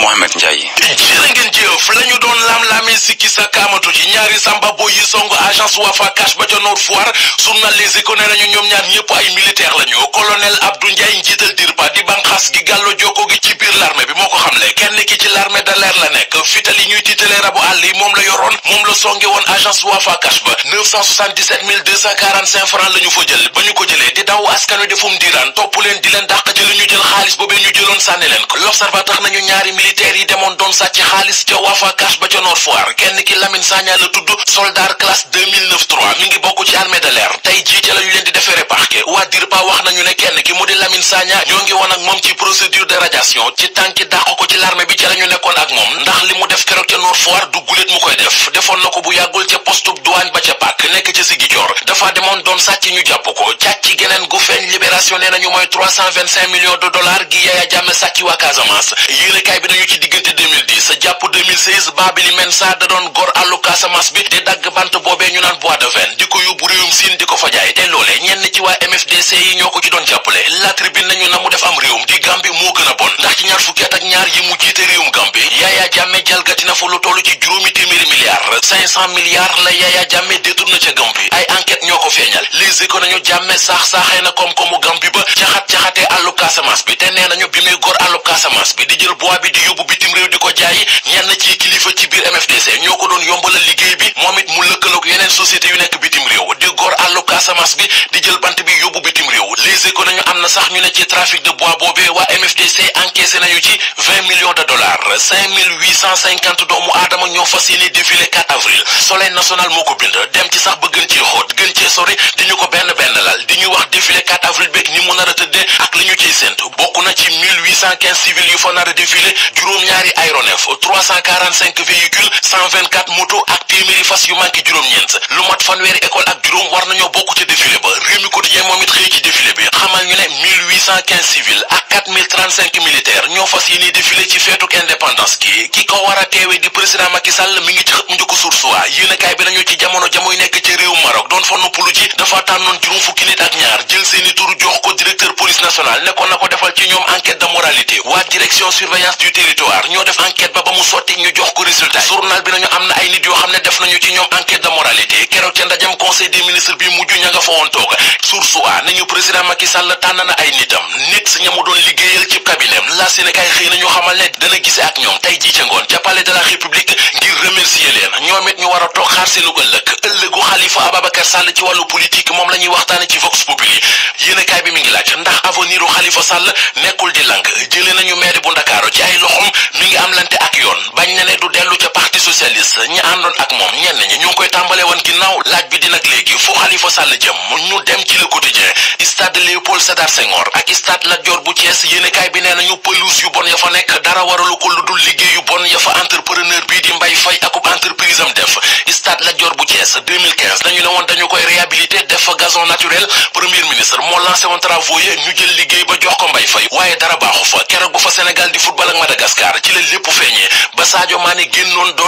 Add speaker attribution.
Speaker 1: Mohamed Ndiaye jërë ngeen jëf doon laam-laamee sikki sa kaamatu ci ñaari samba yi song agence Wafa Cash ba ca Nord Foire journal Les Échos ne nañu ñoom ñaar ñëpp ay militaire la ñu colonel Abdou njiital DIRPA di banqaas gi gàllo jokko gi ci biir l'armée bi moo ko xamle kenn ki ci l'armée de l'air nekk fital yi ñuy tiitalee rabu àll yi moom la yoroon moom la songe woon agence Wafa Cash ba 977 245 fa jël ba ñu ko jëlee di daw askan wi defum diiraan topp leen di leen dàq ci militaire yi demoon doon sàcc xaalis ca Wafa cash ba ca Nord Foire kenn ki Lamine Sagna la tudd soldat classe 2009 3 mi ngi bokk ci armée de l'air tey jii ca la ñu leen di defere parquet waa DIRPA wax nañu ne kenn ki mu di Lamine Sagna ñoo ngi woon ak moom ci procédure de radiation ci tànki dàq ko ci l'armée bi ca la nekkoon ak moom def keroog ca Nord Foire du guléet mu koy def defoon na ko bu yàggul ca poste douane ba ca Pàkk nekk ca Sigicoor dafa demoon doon sàcc ñu jàpp ko càcc geneen gu feeñ libération nee nañu mooy 325 millions de dollars gi Yaya Jammeh sàcc waa Casamance yéenekaay bi nañu ci diggante 2010 jàpp 2016 Babili Mensa da doon gor àllu Casamance bi te dagg bant boobee ñu naan bois de vin di ko yóbbu réewum Siin di ko fa ci waa MFDC yi ñoo ko ci doon jàppale la tribune nañu na mu def am réewum di Gambie moo gën a bon ndax ci ñaar fukki at ak ñaar yi mu jiite réewum Gambie Yaya Jammeh jalgati na fa tollu ci juróomi téeméeri milliards milliards la Yaya Jammeh détourné ca Gambie ay enquête ñoo ko feeñal les éco nañu Jammeh saax-saaxee na koom-koomu Gambie ba caxat-caxatee àllub Casamance bi te nee nañu bi muy gor àllub Casamance bi di jël bois bi di yóbbu bitim réew les économies am na sax ñu ne ci trafic de bois boobee waa MFDC encaissé nañu ci vingt millions de dollars doomu aadama ñoo fas yéene défilé avril soleil national moo ko bind dem ci sax ba gën ci sori di ko benn benn lal di ñu wax défilé avril beeg ni mu nar a ak li ñu ciy bokk na ci mille yu fa nar défilé juróom-ñaari aéronef trois cent ak téeméeri fas yu manqué juróom-ñeent lu mat fanweeri école ak juróom war nañoo bokk ci défilé ba réew ñu ne 1815 civil ak 4035 militaires ñoo fas yéene défilé ci feetuk indépendance gi ki ko war teewee di président Macky mi ngi ci xët mu njëkk sursuwa yéen a kaay bi nañu ci jamono jamuy nekk ci réew doon fa noppalu ji dafa tànnoon juróom fukki nit ak ñaar jël seeni tur jox ko directeur police nationale nekkoon na ko defal ci ñoom enquête de moralité waa direction surveillance du territoire ñoo def enquête ba ba mu sotti ñu jox ko résultat journal bi nañu am na ay nit yoo xam ne def nañu ci ñoom enquête de moralité keroog ca ndajam conseil des ministres bi mujj ña fa woon toog source a nañu président Macky Sall tànn na ay nitam nit si ñamu doon liggéeyal ci cabinetam la Sénégal ñoom tey ji ca ngoon ca palais de la ñoom it ñu war a toog xaar seenu ëllëg ëllëgu Xalifa Ababacar Sall ci wàllu politique moom la ñuy ci Vox Populi yéenekaay bi mi ngi laaj ndax aveniru Xalifa Sall nekkul di lang jële nañu maire bu Ndakaaru ci ay loxom mi ngi am lante ak yoon bañ na ne du dellu ca parti socialiste ñi àndoon ak moom ñenn ñi ñu koy tàmbale woon ginnaaw laaj bi di léegi fu Xalifa Sall jëm ñu dem ci Léopold Sédar Senghor ak stade Lat bu Thiès yéenekaay bi nee nañu pelouse yu bon ya fa nekk dara waralu ko lu dul liggéey yu bon ya fa entrepreneur bii di Mbaye Faye akub entreprise am def stade Lat bu Thiès 2015 dañu dañu koy réhabilité def fa gazon naturel premier ministre moo lancé woon travaux ñu jël liggéey ba jox ko Mbaye Faye waaye dara baaxu fa keroog bu fa Sénégal di football ak Madagascar ci la lépp feeñee ba Sadio Mané génnoon